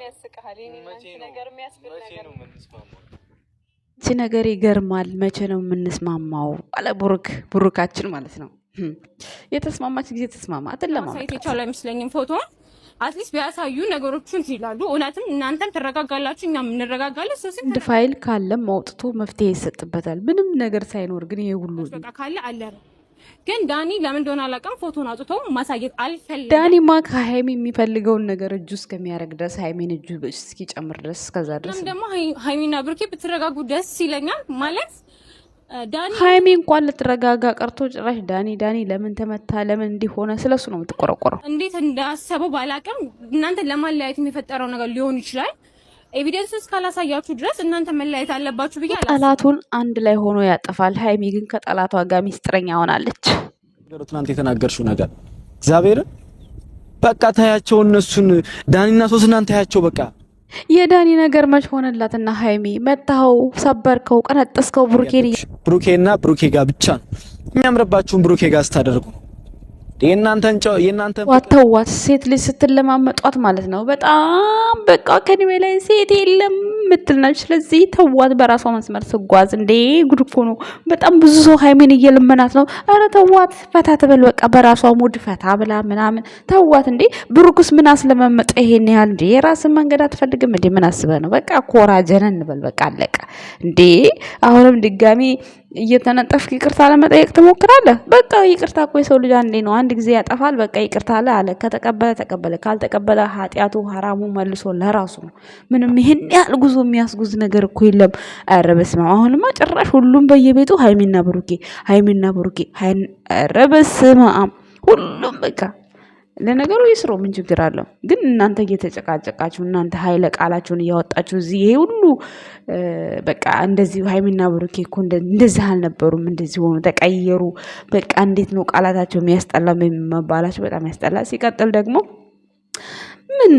ግን ያስቀሃል። ነገር የሚያስብል ነገር ይገርማል። መቼ ነው የምንስማማው? አለ ቡሩክ ቡሩካችን ማለት ነው። የተስማማች ጊዜ ተስማማ። አትለማሳየት የቻሉ አይመስለኝም። ፎቶ አትሊስት ቢያሳዩ ነገሮቹን ይላሉ። እውነትም እናንተም ትረጋጋላችሁ፣ እኛም እንረጋጋለን። አንድ ፋይል ካለም አውጥቶ መፍትሄ ይሰጥበታል። ምንም ነገር ሳይኖር ግን ይሄ ሁሉ ካለ አለ ግን ዳኒ ለምን እንደሆነ አላውቅም፣ ፎቶን አውጥቶ ማሳየት ዳኒ ዳኒማ ከሀይሚ የሚፈልገውን ነገር እጁ እስከሚያደርግ ድረስ ሀይሚን እጁ እስኪጨምር ድረስ እስከዛ ድረስ ደግሞ ሀይሚና ብሩኬ ብትረጋጉ ደስ ይለኛል ማለት ሀይሚ እንኳን ልትረጋጋ ቀርቶ ጭራሽ ዳኒ ዳኒ ለምን ተመታ ለምን እንዲሆነ ስለሱ ነው የምትቆረቆረው። እንዴት እንዳሰበው ባላቅም እናንተ ለማለያየት የሚፈጠረው ነገር ሊሆን ይችላል። ኤቪደንስስ ካላሳያችሁ ድረስ እናንተ መለያየት አለባችሁ ብዬ ጠላቱን አንድ ላይ ሆኖ ያጠፋል። ሀይሚ ግን ከጠላቷ ጋር ሚስጥረኛ ሆናለች። ትናንት የተናገርሽው ነገር እግዚአብሔርን በቃ ታያቸው፣ እነሱን ዳኒና ሶስ እናንተ ታያቸው። በቃ የዳኒ ነገር መች ሆነላትና ሀይሚ መታኸው፣ ሰበርከው፣ ቀነጠስከው። ብሩኬ ብሩኬና ብሩኬ ጋር ብቻ ነው የሚያምርባችሁን ብሩኬ ጋር ስታደርጉ የእናንተን ጨው የእናንተን ዋተዋት ሴት ልጅ ስትለማመጧት ማለት ነው። በጣም በቃ ከኒሜ ላይ ሴት የለም የምትል ስለዚህ ተዋት በራሷ መስመር ስጓዝ። እንዴ ጉድ እኮ ነው። በጣም ብዙ ሰው ሀይሜን እየለመናት ነው። ኧረ ተዋት፣ ፈታ ትበል በቃ በራሷ ሙድ ፈታ ብላ ምናምን ተዋት። እንዴ ብሩክስ ምን አስለመመጠ ይሄን ያህል? እንዴ የራስን መንገድ አትፈልግም እንዴ? ምን አስበህ ነው? በቃ ኮራጀን እንበል በቃ አለቀ። እንዴ አሁንም ድጋሚ እየተነጠፍክ ይቅርታ ለመጠየቅ ትሞክራለህ። በቃ ይቅርታ እኮ የሰው ልጅ አንዴ ነው፣ አንድ ጊዜ ያጠፋል። በቃ ይቅርታ አለ አለ። ከተቀበለ ተቀበለ፣ ካልተቀበለ ኃጢአቱ ሀራሙ መልሶ ለራሱ ነው። ምንም ይህን ያህል ጉዞ የሚያስጉዝ ነገር እኮ የለም። ኧረ በስመ አብ! አሁንማ ጭራሽ ሁሉም በየቤቱ ሀይሚና ብሩኬ፣ ሀይሚና ብሩኬ። ኧረ በስመ አብ! ሁሉም በቃ ለነገሩ ይስሮ ምን ችግር አለው? ግን እናንተ እየተጨቃጨቃችሁ እናንተ ኃይለ ቃላችሁን እያወጣችሁ እዚህ ይሄ ሁሉ በቃ እንደዚህ ሀይሚና ብሩኬ እኮ እንደዚህ አልነበሩም፣ እንደዚህ ሆኑ፣ ተቀየሩ፣ በቃ እንዴት ነው ቃላታቸው የሚያስጠላ መባላቸው በጣም ያስጠላ። ሲቀጥል ደግሞ ምን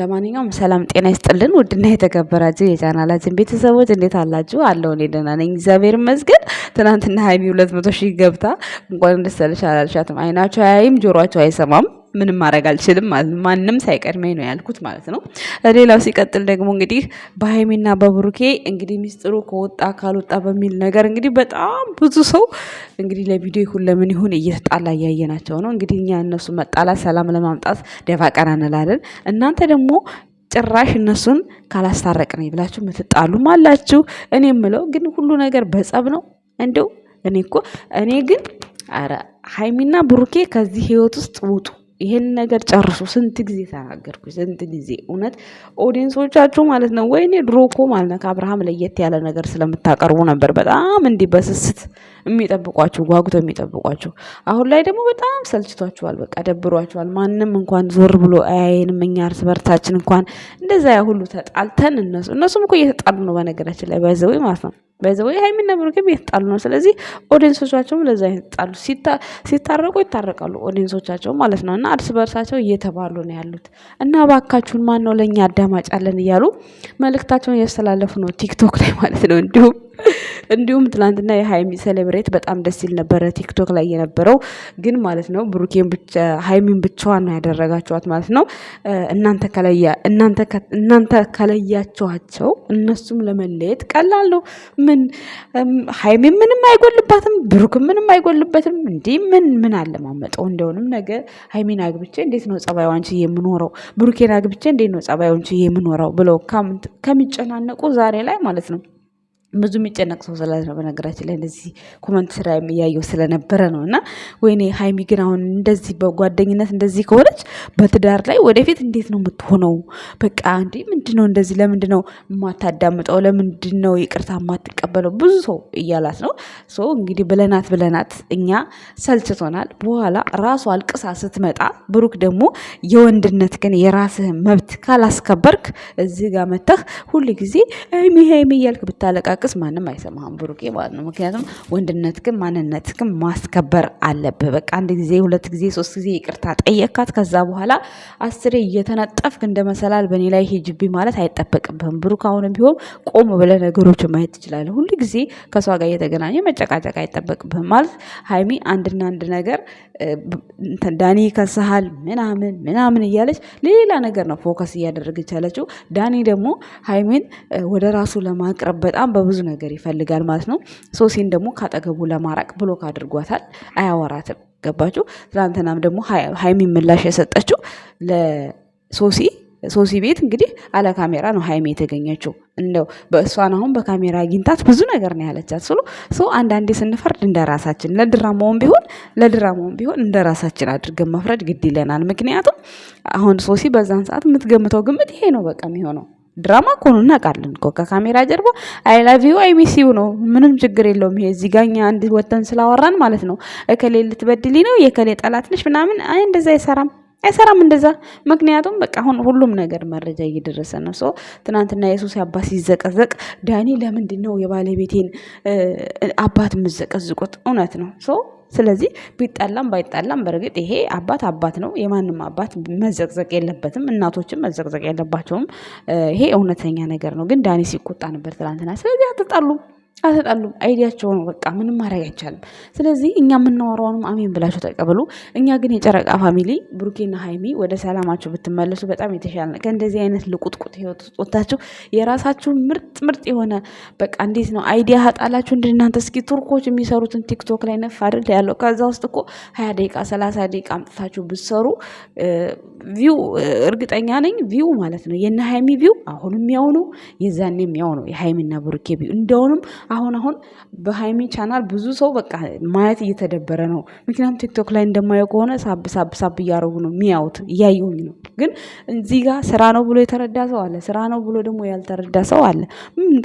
ለማንኛውም ሰላም ጤና ይስጥልን። ውድና የተከበራችሁ የቻናላችን ቤተሰቦች እንዴት አላችሁ? አለሁ እኔ ደህና ነኝ፣ እግዚአብሔር ይመስገን። ትናንትና ሀይሚ ሁለት መቶ ሺህ ገብታ እንኳን ደስ አለሽ አላልሻትም? አይናቸው አያይም፣ ጆሯቸው አይሰማም ምንም ማድረግ አልችልም ማለት ነው። ማንም ሳይቀድመኝ ነው ያልኩት ማለት ነው። ሌላው ሲቀጥል ደግሞ እንግዲህ በሀይሚና በብሩኬ እንግዲህ ሚስጥሩ ከወጣ ካልወጣ በሚል ነገር እንግዲህ በጣም ብዙ ሰው እንግዲህ ለቪዲዮ ይሁን ለምን ይሁን እየተጣላ እያየናቸው ነው። እንግዲህ እኛ እነሱ መጣላት ሰላም ለማምጣት ደፋ ቀና እንላለን። እናንተ ደግሞ ጭራሽ እነሱን ካላስታረቅነኝ ብላችሁ የምትጣሉም አላችሁ። እኔ የምለው ግን ሁሉ ነገር በጸብ ነው እንደው እኔ እኮ እኔ ግን ሀይሚና ብሩኬ ከዚህ ህይወት ውስጥ ውጡ። ይሄን ነገር ጨርሱ። ስንት ጊዜ ተናገርኩ፣ ስንት ጊዜ እውነት ኦዲየንሶቻችሁ ማለት ነው። ወይኔ ድሮ እኮ ማለት ነው ከአብርሃም ለየት ያለ ነገር ስለምታቀርቡ ነበር በጣም እንዲህ በስስት የሚጠብቋችሁ ጓጉቶ የሚጠብቋችሁ። አሁን ላይ ደግሞ በጣም ሰልችቷችኋል፣ በቃ ደብሯችኋል። ማንም እንኳን ዞር ብሎ አያየንም። እኛ እርስ በርሳችን እንኳን እንደዛ ያ ሁሉ ተጣልተን እነሱ እነሱም እኮ እየተጣሉ ነው በነገራችን ላይ ባይዘዊ ማለት ነው በዛ ባይዘው ሃይሚና ብሩኬ የተጣሉ ነው። ስለዚህ ኦዲየንሶቻቸውም ለዛ የተጣሉ ሲታረቁ ይታረቃሉ፣ ኦዲንሶቻቸው ማለት ነው። እና እርስ በርሳቸው እየተባሉ ነው ያሉት። እና ባካችሁን ማን ነው ለእኛ አዳማጭ አለን እያሉ መልእክታቸውን እያስተላለፉ ነው ቲክቶክ ላይ ማለት ነው እንዲሁም እንዲሁም ትናንትና የሀይሚ ሴሌብሬት በጣም ደስ ይል ነበረ። ቲክቶክ ላይ የነበረው ግን ማለት ነው ብሩኬን ሀይሚን ብቻዋን ነው ያደረጋችኋት ማለት ነው። እናንተ ከለያ ከለያችኋቸው እነሱም ለመለየት ቀላል ነው። ምን ሀይሚ ምንም አይጎልባትም፣ ብሩክ ምንም አይጎልበትም። እንዲህ ምን ምን አለማመጠው እንደሆንም ነገ ሀይሚን አግብቼ እንዴት ነው ጸባዩ የምኖረው፣ ብሩኬን አግብቼ እንዴት ነው ጸባዩ የምኖረው ብለው ከሚጨናነቁ ዛሬ ላይ ማለት ነው ብዙ የሚጨነቅ ሰው ስላለ በነገራችን ላይ እንደዚህ ኮመንት ስራ የሚያየው ስለነበረ ነው። እና ወይኔ ሀይሚ ግን አሁን እንደዚህ በጓደኝነት እንደዚህ ከሆነች በትዳር ላይ ወደፊት እንዴት ነው የምትሆነው? በቃ እንዲ ምንድን ነው እንደዚህ ለምንድ ነው የማታዳምጠው? ለምንድን ነው ይቅርታ የማትቀበለው? ብዙ ሰው እያላት ነው። ሶ እንግዲህ ብለናት ብለናት እኛ ሰልችቶናል። በኋላ ራሱ አልቅሳ ስትመጣ ብሩክ ደግሞ የወንድነት ግን የራስህን መብት ካላስከበርክ እዚህ ጋር መተህ ሁሉ ጊዜ ሀይሚ ሀይሚ እያልክ ብታለቃ ስታለቅስ ማንም አይሰማህም ብሩቄ ማለት ነው። ምክንያቱም ወንድነትህን ማንነትህን ማስከበር አለብህ። በቃ አንድ ጊዜ፣ ሁለት ጊዜ፣ ሶስት ጊዜ ይቅርታ ጠየካት። ከዛ በኋላ አስሬ እየተነጠፍክ እንደ መሰላል በእኔ ላይ ሂጅብኝ ማለት አይጠበቅብህም ብሩክ። አሁንም ቢሆን ቆም ብለህ ነገሮች ማየት ትችላለህ። ሁሉ ጊዜ ከሷ ጋር እየተገናኘ መጨቃጨቅ አይጠበቅብህም ማለት ሀይሚ አንድና አንድ ነገር ዳኒ ከሰሃል ምናምን ምናምን እያለች ሌላ ነገር ነው ፎከስ እያደረገች ያለችው። ዳኒ ደግሞ ሀይሚን ወደ ራሱ ለማቅረብ በጣም በብዙ ብዙ ነገር ይፈልጋል ማለት ነው። ሶሲን ደግሞ ካጠገቡ ለማራቅ ብሎክ አድርጓታል፣ አያወራትም። ገባችሁ? ትናንትናም ደግሞ ሀይሚ ምላሽ የሰጠችው ለሶሲ ሶሲ ቤት እንግዲህ አለ ካሜራ ነው ሀይሜ የተገኘችው። እንደው በእሷን አሁን በካሜራ አግኝታት ብዙ ነገር ነው ያለቻት። ስሎ ሰ አንዳንዴ ስንፈርድ እንደ ራሳችን ለድራማውም ቢሆን ለድራማውም ቢሆን እንደ ራሳችን አድርገን መፍረድ ግድ ይለናል። ምክንያቱም አሁን ሶሲ በዛን ሰዓት የምትገምተው ግምት ይሄ ነው በቃ የሚሆነው ድራማ እኮ ነው እናውቃለን እኮ ከካሜራ ጀርባ አይ ላቭ ዩ አይ ሚስ ዩ ነው። ምንም ችግር የለውም። ይሄ እዚህ ጋኛ አንድ ወተን ስላወራን ማለት ነው እከሌ ልትበድሊ ነው የከሌ ጠላት ነሽ ምናምን አይ እንደዛ አይሰራም። አይሰራም እንደዛ። ምክንያቱም በቃ አሁን ሁሉም ነገር መረጃ እየደረሰ ነው። ሶ ትናንትና የሱሴ አባት ሲዘቀዘቅ ዳኒ ለምንድን ነው የባለቤቴን አባት የምዘቀዝቁት? እውነት ነው ሶ ስለዚህ ቢጣላም ባይጣላም በእርግጥ ይሄ አባት አባት ነው። የማንም አባት መዘቅዘቅ የለበትም፣ እናቶችም መዘቅዘቅ የለባቸውም። ይሄ እውነተኛ ነገር ነው። ግን ዳኒ ሲቆጣ ነበር ትናንትና። ስለዚህ አትጣሉ። አልተጣሉም። አይዲያቸው ነው በቃ ምንም ማድረግ አይቻልም። ስለዚህ እኛ የምናወራውንም አሜን ብላቸው ተቀበሉ። እኛ ግን የጨረቃ ፋሚሊ ብሩኬና ሀይሚ ወደ ሰላማቸው ብትመለሱ በጣም የተሻለ ነው። ከእንደዚህ አይነት ልቁጥቁጥ ህይወት ውስጥ ወጥታችሁ የራሳችሁ ምርጥ ምርጥ የሆነ በቃ እንዴት ነው አይዲያ ሀጣላችሁ እንደ እናንተ እስኪ ቱርኮች የሚሰሩትን ቲክቶክ ላይ ነፍ አድል ያለው ከዛ ውስጥ እኮ ሀያ ደቂቃ ሰላሳ ደቂቃ አምጥታችሁ ብትሰሩ ቪው እርግጠኛ ነኝ ቪው ማለት ነው የነ ሀይሚ ቪው አሁንም ያው ነው የዛኔም ያው ነው የሀይሚና ብሩኬ ቪው እንደውንም አሁን አሁን በሀይሚ ቻናል ብዙ ሰው በቃ ማየት እየተደበረ ነው። ምክንያቱም ቲክቶክ ላይ እንደማየው ከሆነ ሳብ ሳብ ሳብ እያረጉ ነው የሚያዩት፣ እያየሁኝ ነው። ግን እዚህ ጋር ስራ ነው ብሎ የተረዳ ሰው አለ፣ ስራ ነው ብሎ ደግሞ ያልተረዳ ሰው አለ።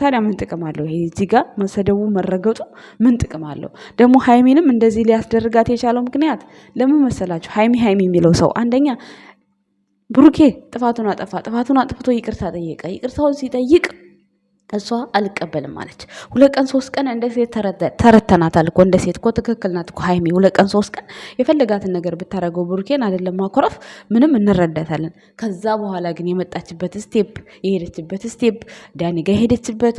ታዲያ ምን ጥቅም አለው? ይሄ እዚህ ጋር መሰደቡ መረገጡ ምን ጥቅም አለው? ደግሞ ሀይሚንም እንደዚህ ሊያስደርጋት የቻለው ምክንያት ለምን መሰላችሁ? ሀይሚ ሀይሚ የሚለው ሰው አንደኛ ብሩኬ ጥፋቱን አጠፋ፣ ጥፋቱን አጥፍቶ ይቅርታ ጠየቀ። ይቅርታውን ሲጠይቅ እሷ አልቀበልም አለች። ሁለት ቀን ሶስት ቀን እንደ ሴት ተረተናታል እኮ እንደ ሴት እኮ ትክክል ናት እኮ ሀይሚ። ሁለት ቀን ሶስት ቀን የፈለጋትን ነገር ብታደረገው ብሩኬን አይደለም ማኮረፍ ምንም እንረዳታለን። ከዛ በኋላ ግን የመጣችበት ስቴፕ የሄደችበት ስቴፕ ዳኒ ጋ የሄደችበት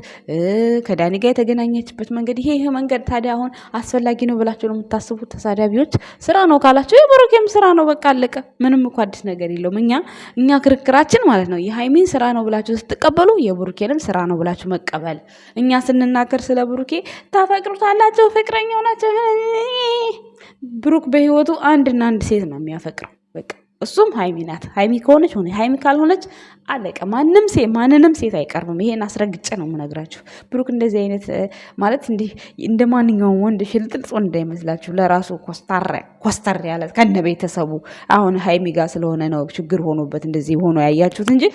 ከዳኒ ጋ የተገናኘችበት መንገድ ይሄ ይሄ መንገድ ታዲያ አሁን አስፈላጊ ነው ብላቸው ነው የምታስቡት? ተሳዳቢዎች ስራ ነው ካላቸው የብሩኬም ስራ ነው በቃ አለቀ። ምንም እኮ አዲስ ነገር የለውም። እኛ እኛ ክርክራችን ማለት ነው የሀይሚን ስራ ነው ብላቸው ስትቀበሉ የብሩኬንም ስራ ነው ብላቸው ብላችሁ መቀበል። እኛ ስንናገር ስለ ብሩኬ ታፈቅሩታላቸው ፍቅረኛው ናቸው። ብሩክ በህይወቱ አንድና አንድ ሴት ነው የሚያፈቅረው፣ በቃ እሱም ሀይሚ ናት። ሀይሚ ከሆነች ሆነ፣ ሀይሚ ካልሆነች አለቀ። ማንም ሴ ማንንም ሴት አይቀርብም። ይሄን አስረግጬ ነው የምነግራችሁ። ብሩክ እንደዚህ አይነት ማለት እንዲህ እንደ ማንኛውም ወንድ ሽልጥልጥ ወንድ እንዳይመስላችሁ። ለራሱ ኮስተር ያለ ከነ ቤተሰቡ አሁን ሀይሚ ጋር ስለሆነ ነው ችግር ሆኖበት እንደዚህ ሆኖ ያያችሁት እንጂ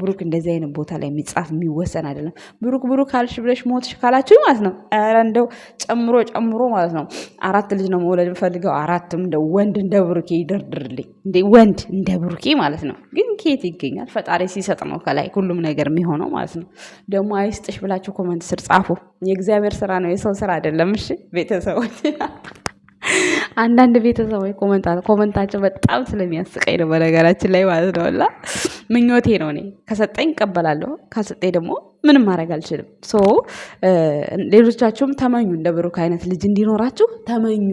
ብሩክ እንደዚህ አይነት ቦታ ላይ የሚጻፍ የሚወሰን አይደለም። ብሩክ ብሩክ አልሽ ብለሽ ሞትሽ ካላችሁ ማለት ነው። ኧረ እንደው ጨምሮ ጨምሮ ማለት ነው። አራት ልጅ ነው መውለድ ፈልገው አራትም እንደ ወንድ እንደ ብሩኬ ይደርድርልኝ፣ እንደ ወንድ እንደ ብሩኬ ማለት ነው። ግን ኬት ይገኛል? ፈጣሪ ሲሰጥ ነው ከላይ ሁሉም ነገር የሚሆነው ማለት ነው። ደግሞ አይስጥሽ ብላችሁ ኮመንት ስር ጻፉ። የእግዚአብሔር ስራ ነው፣ የሰው ስራ አይደለም። እሺ ቤተሰቦች አንዳንድ ቤተሰቦች ኮመንታቸው በጣም ስለሚያስቀኝ ነው በነገራችን ላይ ማለት ነው። እና ምኞቴ ነው እኔ ከሰጠኝ እቀበላለሁ፣ ካልሰጠኝ ደግሞ ምንም ማድረግ አልችልም። ሶ ሌሎቻችሁም ተመኙ፣ እንደ ብሩክ አይነት ልጅ እንዲኖራችሁ ተመኙ።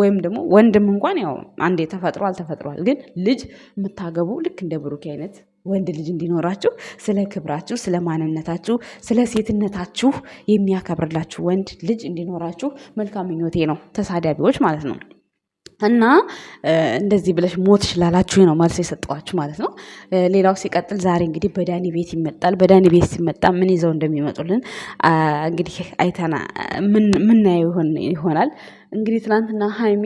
ወይም ደግሞ ወንድም እንኳን ያው አንዴ ተፈጥሯል ተፈጥሯል፣ ግን ልጅ የምታገቡ ልክ እንደ ብሩክ አይነት ወንድ ልጅ እንዲኖራችሁ ስለ ክብራችሁ፣ ስለ ማንነታችሁ፣ ስለ ሴትነታችሁ የሚያከብርላችሁ ወንድ ልጅ እንዲኖራችሁ መልካም ምኞቴ ነው። ተሳዳቢዎች ማለት ነው። እና እንደዚህ ብለሽ ሞት ችላላችሁ ነው መልስ የሰጠዋችሁ ማለት ነው። ሌላው ሲቀጥል ዛሬ እንግዲህ በዳኒ ቤት ይመጣል። በዳኒ ቤት ሲመጣ ምን ይዘው እንደሚመጡልን እንግዲህ አይተና ምናየው ይሆናል። እንግዲህ ትናንትና ሀይሚ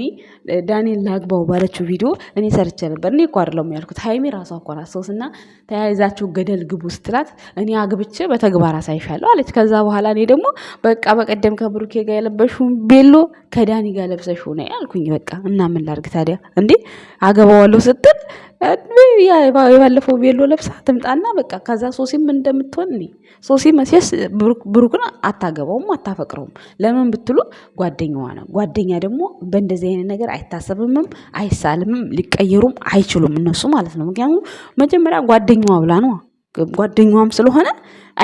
ዳንኤል ላግባው ባለችው ቪዲዮ እኔ ሰርቼ ነበር። እኔ እኮ አይደለሁም ያልኩት ሀይሚ ራሷ እኮ ናት። ሶስና ተያይዛችሁ ገደል ግቡ ስትላት እኔ አግብቼ በተግባር አሳይሻለሁ አለች። ከዛ በኋላ እኔ ደግሞ በቃ በቀደም ከብሩኬ ጋር የለበሽውን ቤሎ ከዳኒ ጋር ለብሰሽ ሆነ ያልኩኝ። በቃ እና ምን ላድርግ ታዲያ እንዴ አገባዋለሁ ስትል የባለፈው ቤሎ ለብሳ ትምጣና በቃ ከዛ ሶሲም እንደምትሆን እኔ ሶሲ መቼስ ብሩክን አታገባውም አታፈቅረውም። ለምን ብትሉ ጓደኛዋ ነው። ጓደኛ ደግሞ በእንደዚህ አይነት ነገር አይታሰብምም አይሳልምም፣ ሊቀየሩም አይችሉም እነሱ ማለት ነው። ምክንያቱም መጀመሪያ ጓደኛዋ ብላ ነው ጓደኛዋም ስለሆነ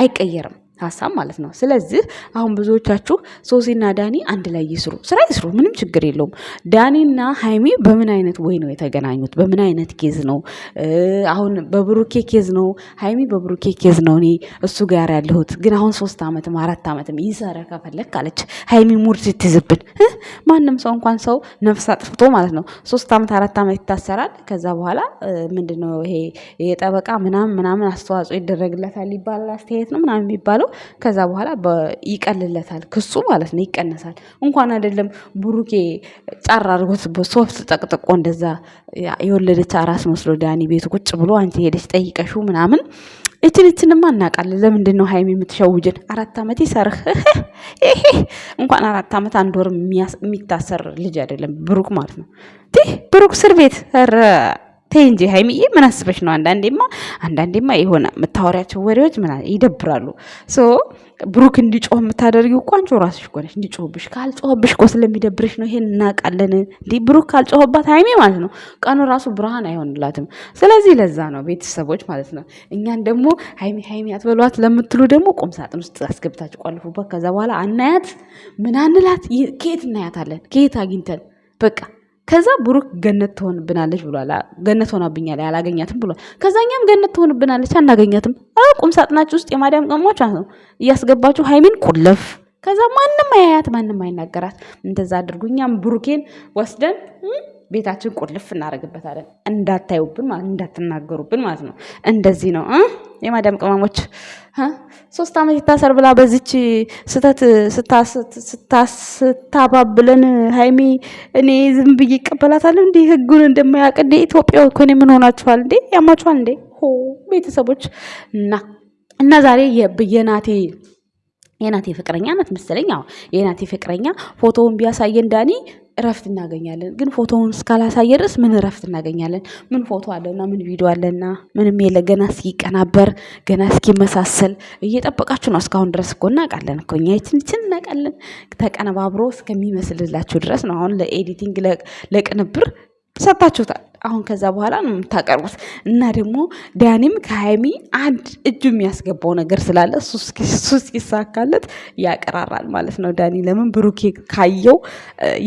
አይቀየርም። ሀሳብ ማለት ነው። ስለዚህ አሁን ብዙዎቻችሁ ሶሲና ዳኒ አንድ ላይ ይስሩ፣ ስራ ይስሩ፣ ምንም ችግር የለውም። ዳኒና ሀይሚ በምን አይነት ወይ ነው የተገናኙት? በምን አይነት ኬዝ ነው? አሁን በብሩኬ ኬዝ ነው፣ ሀይሚ በብሩኬ ኬዝ ነው እኔ እሱ ጋር ያለሁት። ግን አሁን ሶስት ዓመትም አራት ዓመትም ይሰረ ከፈለግ አለች ሀይሚ ሙድ ስትይዝብን፣ ማንም ሰው እንኳን ሰው ነፍስ አጥፍቶ ማለት ነው ሶስት ዓመት አራት ዓመት ይታሰራል። ከዛ በኋላ ምንድነው ይሄ የጠበቃ ምናምን ምናምን አስተዋጽኦ ይደረግለታል ይባላል፣ አስተያየት ነው ምናምን የሚባለው ከዛ በኋላ ይቀልለታል፣ ክሱ ማለት ነው ይቀነሳል። እንኳን አይደለም ብሩኬ ጫር አድርጎት ሶፍት ጠቅጥቆ እንደዛ የወለደች አራስ መስሎ ዳኒ ቤት ቁጭ ብሎ አንቺ ሄደች ጠይቀሹ ምናምን እችን እችንማ እናውቃለን። ለምንድን ነው ሀይሚ የምትሸውጅን? አራት ዓመት ይሰርህ እንኳን አራት ዓመት አንድ ወር የሚታሰር ልጅ አይደለም ብሩክ ማለት ነው። ብሩክ እስር ቤት ተይ እንጂ ሀይሚዬ፣ ምን አስበሽ ነው? አንዳንዴማ አንዳንዴማ የሆነ የምታወሪያቸው ወሬዎች ምና ይደብራሉ። ሶ ብሩክ እንዲጮህ የምታደርጊው እኮ አንቺው ራስሽ እኮ ነሽ። እንዲጮህብሽ ካልጮህብሽ እኮ ስለሚደብርሽ ነው። ይሄን እናውቃለን። እንዲ ብሩክ ካልጮህባት ሀይሜ ማለት ነው ቀኑ ራሱ ብርሃን አይሆንላትም። ስለዚህ ለዛ ነው ቤተሰቦች ማለት ነው እኛን ደግሞ ሀይሜ ሀይሜ አትበሏት ለምትሉ ደግሞ ቁም ሳጥን ውስጥ አስገብታችሁ ቆልፉበት። ከዛ በኋላ አናያት ምናንላት ከየት እናያታለን? ከየት አግኝተን በቃ ከዛ ብሩክ ገነት ትሆንብናለች ብሏል። ገነት ሆናብኛል አላገኛትም ብሏል። ከዛኛም ገነት ትሆንብናለች አናገኛትም። አዎ ቁም ሳጥናችሁ ውስጥ የማዳም ቀሞች ነው እያስገባችሁ ሀይሚን ቁለፍ ከዛ ማንም አያያት፣ ማንም አይናገራት። እንደዛ አድርጉ። እኛም ብሩኬን ወስደን ቤታችን ቁልፍ እናደርግበታለን። እንዳታዩብን ማለት እንዳትናገሩብን ማለት ነው። እንደዚህ ነው። የማዳም ቅመሞች ሶስት ዓመት ይታሰር ብላ በዚች ስህተት ስታባብለን ሀይሚ እኔ ዝም ብዬ ይቀበላታለሁ። እንዲህ ህጉን እንደማያውቅ እንዴ! ኢትዮጵያ ኮኔ ምን ሆናችኋል እንዴ? ያማችኋል እንዴ? ሆ ቤተሰቦች እና እና ዛሬ የናቴ የናቴ ፍቅረኛ ናት መሰለኝ። አዎ የናቴ ፍቅረኛ ፎቶውን ቢያሳየን ዳኒ እረፍት እናገኛለን። ግን ፎቶውን እስካላሳየ ድረስ ምን እረፍት እናገኛለን? ምን ፎቶ አለና ምን ቪዲዮ አለና ምንም የለ። ገና እስኪቀናበር ገና እስኪመሳሰል እየጠበቃችሁ ነው። እስካሁን ድረስ እኮ እናውቃለን እኮ እኛ ይችንችን እናውቃለን። ተቀነባብሮ እስከሚመስልላችሁ ድረስ ነው። አሁን ለኤዲቲንግ ለቅንብር ሰጥታችሁታል። አሁን ከዛ በኋላ ነው የምታቀርቡት። እና ደግሞ ዳኒም ከሀይሚ አንድ እጁ የሚያስገባው ነገር ስላለ እሱ ሲሳካለት ያቀራራል ማለት ነው። ዳኒ ለምን ብሩኬ ካየው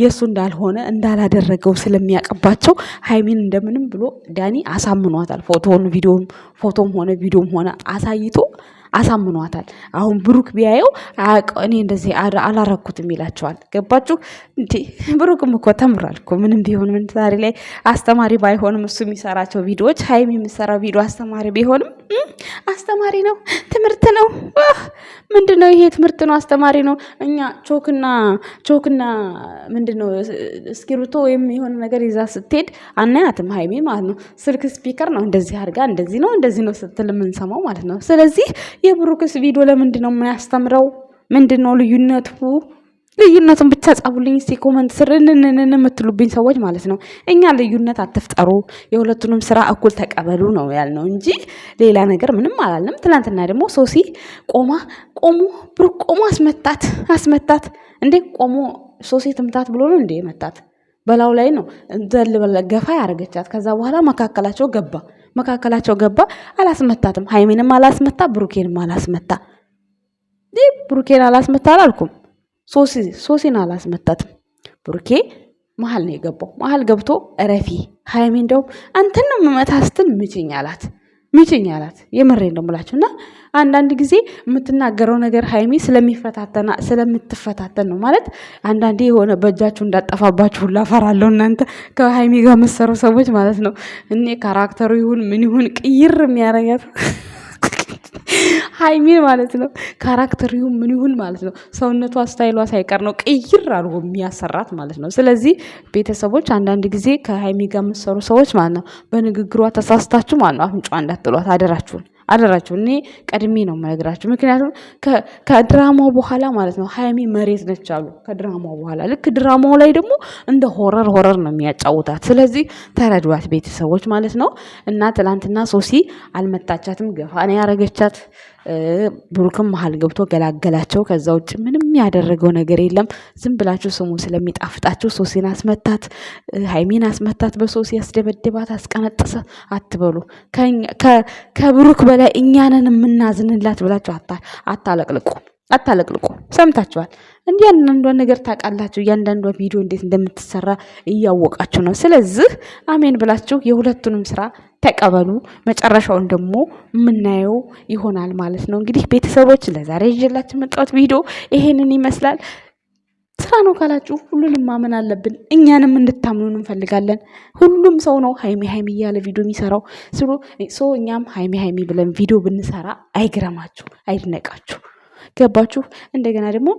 የእሱ እንዳልሆነ እንዳላደረገው ስለሚያቀባቸው ሀይሚን እንደምንም ብሎ ዳኒ አሳምኗታል። ፎቶን ቪዲዮም ፎቶም ሆነ ቪዲዮም ሆነ አሳይቶ አሳምኗታል። አሁን ብሩክ ቢያየው እኔ እንደዚህ አላረኩትም ይላቸዋል። ገባችሁ? እንዲ ብሩክም እኮ ተምሯል እኮ ምንም ቢሆን ምን ዛሬ ላይ አስተማሪ ባይሆንም እሱ የሚሰራቸው ቪዲዮዎች ሀይም የምሰራው ቪዲዮ አስተማሪ ቢሆንም አስተማሪ ነው፣ ትምህርት ነው። ምንድን ነው ይሄ? ትምህርት ነው፣ አስተማሪ ነው። እኛ ቾክና ቾክና ምንድን ነው እስክሪብቶ ወይም የሆነ ነገር ይዛ ስትሄድ አናያትም ሀይሜ ማለት ነው። ስልክ ስፒከር ነው እንደዚህ አድርጋ እንደዚህ ነው እንደዚህ ነው ስትል የምንሰማው ማለት ነው። ስለዚህ የብሩክስ ቪዲዮ ለምንድን ነው የሚያስተምረው? ምንድን ነው ልዩነቱ? ልዩነቱን ብቻ ጻፉልኝ እስቲ ኮመንት ስር እንንን የምትሉብኝ ሰዎች ማለት ነው። እኛ ልዩነት አትፍጠሩ፣ የሁለቱንም ስራ እኩል ተቀበሉ ነው ያልነው እንጂ ሌላ ነገር ምንም አላልንም። ትናንትና ደግሞ ሶሲ ቆማ ቆሙ ብሩክ ቆሞ አስመታት አስመታት። እንዴ ቆሞ ሶሲ ትምታት ብሎ ነው እንዴ መታት? በላው ላይ ነው በለ ገፋ ያደረገቻት። ከዛ በኋላ መካከላቸው ገባ መካከላቸው ገባ። አላስመታትም፣ ሀይሜንም አላስመታ፣ ብሩኬንም አላስመታ። ብሩኬን አላስመታ አላልኩም ሶሲን አላስመታትም። ብሩኬ መሀል ነው የገባው። መሀል ገብቶ ረፊ ሀይሚ እንደውም አንተን ነው የምመታህ ስትል ምችኝ አላት። ምችኝ አላት። የምሬ ነው እና አንዳንድ ጊዜ የምትናገረው ነገር ሀይሚ ስለሚፈታተና ስለምትፈታተን ነው ማለት አንዳንዴ የሆነ በእጃችሁ እንዳጠፋባችሁ ሁላ እፈራለሁ። እናንተ ከሀይሚ ጋር መሰሩ ሰዎች ማለት ነው። እኔ ካራክተሩ ይሁን ምን ይሁን ቅይር የሚያረጋት ሀይሚን ማለት ነው። ካራክተር ይሁን ምን ይሁን ማለት ነው ሰውነቷ ስታይሏ ሳይቀር ነው ቅይር አድርጎ የሚያሰራት ማለት ነው። ስለዚህ ቤተሰቦች አንዳንድ ጊዜ ከሀይሚ ጋር የምትሰሩ ሰዎች ማለት ነው በንግግሯ ተሳስታችሁ ማለት ነው አፍንጫ እንዳትሏት አደራችሁን። አደራችሁ። እኔ ቀድሜ ነው የምነግራችሁ። ምክንያቱም ከድራማው በኋላ ማለት ነው ሀይሚ መሬት ነች አሉ። ከድራማው በኋላ ልክ ድራማው ላይ ደግሞ እንደ ሆረር ሆረር ነው የሚያጫውታት። ስለዚህ ተረዷት ቤተሰቦች ማለት ነው። እና ትናንትና ሶሲ አልመታቻትም፣ ገፋ ነው ያረገቻት። ብሩክም መሀል ገብቶ ገላገላቸው። ከዛ ውጭ ምንም ያደረገው ነገር የለም። ዝም ብላችሁ ስሙ ስለሚጣፍጣችሁ ሶሴን አስመታት፣ ሀይሜን አስመታት፣ በሶሴ ያስደበድባት አስቀነጥሰ አትበሉ። ከብሩክ በላይ እኛንን የምናዝንላት ብላችሁ አታለቅልቁ አታለቅልቁ። ሰምታችኋል። እንዲህ አንዳንዷን ነገር ታውቃላችሁ። እያንዳንዷ ቪዲዮ እንዴት እንደምትሰራ እያወቃችሁ ነው። ስለዚህ አሜን ብላችሁ የሁለቱንም ስራ ተቀበሉ። መጨረሻውን ደግሞ የምናየው ይሆናል ማለት ነው። እንግዲህ ቤተሰቦች ለዛሬ ይዤላችሁ መጣሁት ቪዲዮ ይሄንን ይመስላል። ስራ ነው ካላችሁ ሁሉንም ማመን አለብን። እኛንም እንድታምኑን እንፈልጋለን። ሁሉም ሰው ነው ሀይሚ ሀይሚ እያለ ቪዲዮ የሚሰራው ስሎ እኛም ሀይሚ ሀይሚ ብለን ቪዲዮ ብንሰራ አይግረማችሁ፣ አይድነቃችሁ። ገባችሁ? እንደገና ደግሞ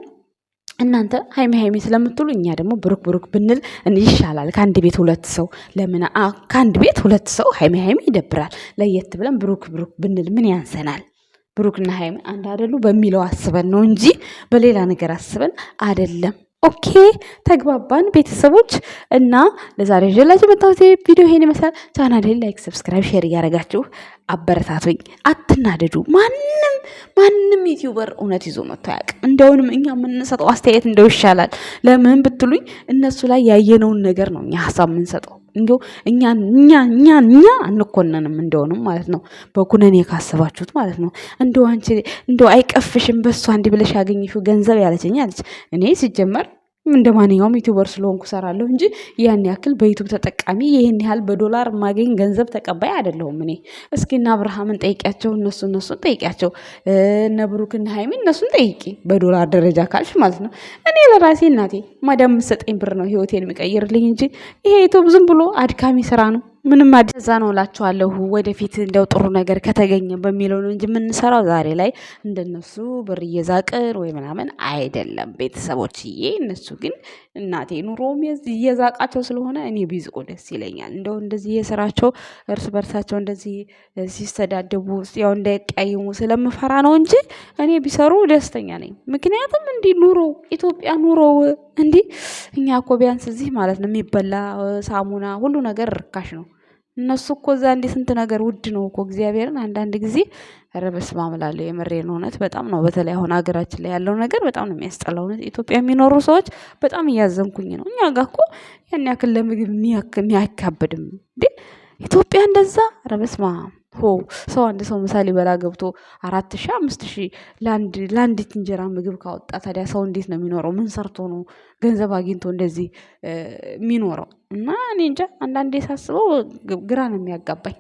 እናንተ ሀይሜ ሀይሜ ስለምትሉ እኛ ደግሞ ብሩክ ብሩክ ብንል ይሻላል። ከአንድ ቤት ሁለት ሰው ለምን ከአንድ ቤት ሁለት ሰው ሀይሜ ሀይሜ ይደብራል። ለየት ብለን ብሩክ ብሩክ ብንል ምን ያንሰናል? ብሩክና ሀይሜ አንድ አደሉ በሚለው አስበን ነው እንጂ በሌላ ነገር አስበን አደለም። ኦኬ ተግባባን ቤተሰቦች። እና ለዛሬ ይዤላችሁ የመጣሁት ቪዲዮ ይሄን ይመስላል። ቻናሌን ላይክ፣ ሰብስክራይብ፣ ሼር እያደረጋችሁ አበረታቱኝ። አትናደዱ። ማንም ማንም ዩቲዩበር እውነት ይዞ መጥቶ አያውቅም። እንደውንም እኛ የምንሰጠው አስተያየት እንደው ይሻላል። ለምን ብትሉኝ እነሱ ላይ ያየነውን ነገር ነው እኛ ሀሳብ የምንሰጠው እንዲ እኛ እኛ እኛ እኛ አንኮነንም እንደሆንም ማለት ነው። በኩነኔ ካሰባችሁት ማለት ነው። እንደ አንቺ እንደው አይቀፍሽም በሷ እንዲ ብለሽ ያገኘሽው ገንዘብ ያለችኝ አለች። እኔ ሲጀመር እንደ ማንኛውም ዩቲዩበር ስለሆንኩ ሰራለሁ እንጂ ያን ያክል በዩቱብ ተጠቃሚ ይህን ያህል በዶላር ማገኝ ገንዘብ ተቀባይ አይደለሁም እኔ። እስኪ እነ አብርሃምን ጠይቂያቸው፣ እነሱ እነሱን ጠይቂያቸው፣ እነ ሀይሚ እነሱን ጠይቂ፣ በዶላር ደረጃ ካልሽ ማለት ነው። እኔ ለራሴ እናቴ ማዳም የምትሰጠኝ ብር ነው ህይወቴን የሚቀይርልኝ እንጂ ይሄ ዩቲዩብ ዝም ብሎ አድካሚ ስራ ነው። ምንም አደዛ ነው እላችኋለሁ። ወደፊት እንደው ጥሩ ነገር ከተገኘ በሚለው ነው እንጂ የምንሰራው ዛሬ ላይ እንደነሱ ብር እየዛቅን ወይ ምናምን አይደለም ቤተሰቦችዬ። እነሱ ግን እናቴ ኑሮም እየዛቃቸው ስለሆነ እኔ ቢዝቁ ደስ ይለኛል። እንደው እንደዚህ የስራቸው እርስ በርሳቸው እንደዚህ ሲስተዳደቡ ያው እንዳይቀያየሙ ስለምፈራ ነው እንጂ እኔ ቢሰሩ ደስተኛ ነኝ። ምክንያቱም እንዲህ ኑሮ ኢትዮጵያ ኑሮው እንዲህ እኛ እኮ ቢያንስ እዚህ ማለት ነው የሚበላ ሳሙና ሁሉ ነገር ርካሽ ነው። እነሱ እኮ እዛ እንዴ ስንት ነገር ውድ ነው እኮ እግዚአብሔርን አንዳንድ ጊዜ ኧረ በስመ አብ እላለሁ። የምሬን እውነት በጣም ነው። በተለይ አሁን ሀገራችን ላይ ያለው ነገር በጣም ነው የሚያስጠላው። እውነት ኢትዮጵያ የሚኖሩ ሰዎች በጣም እያዘንኩኝ ነው። እኛ ጋር እኮ ያን ያክል ለምግብ የሚያካብድም እንዴ ኢትዮጵያ እንደዛ ኧረ በስመ አብ ሆ ሰው አንድ ሰው ምሳ ሊበላ ገብቶ አራት ሺ አምስት ሺ ለአንዲት እንጀራ ምግብ ካወጣ ታዲያ ሰው እንዴት ነው የሚኖረው? ምን ሰርቶ ነው ገንዘብ አግኝቶ እንደዚህ የሚኖረው? እና እኔ እንጃ አንዳንዴ ሳስበው ግራ ነው የሚያጋባኝ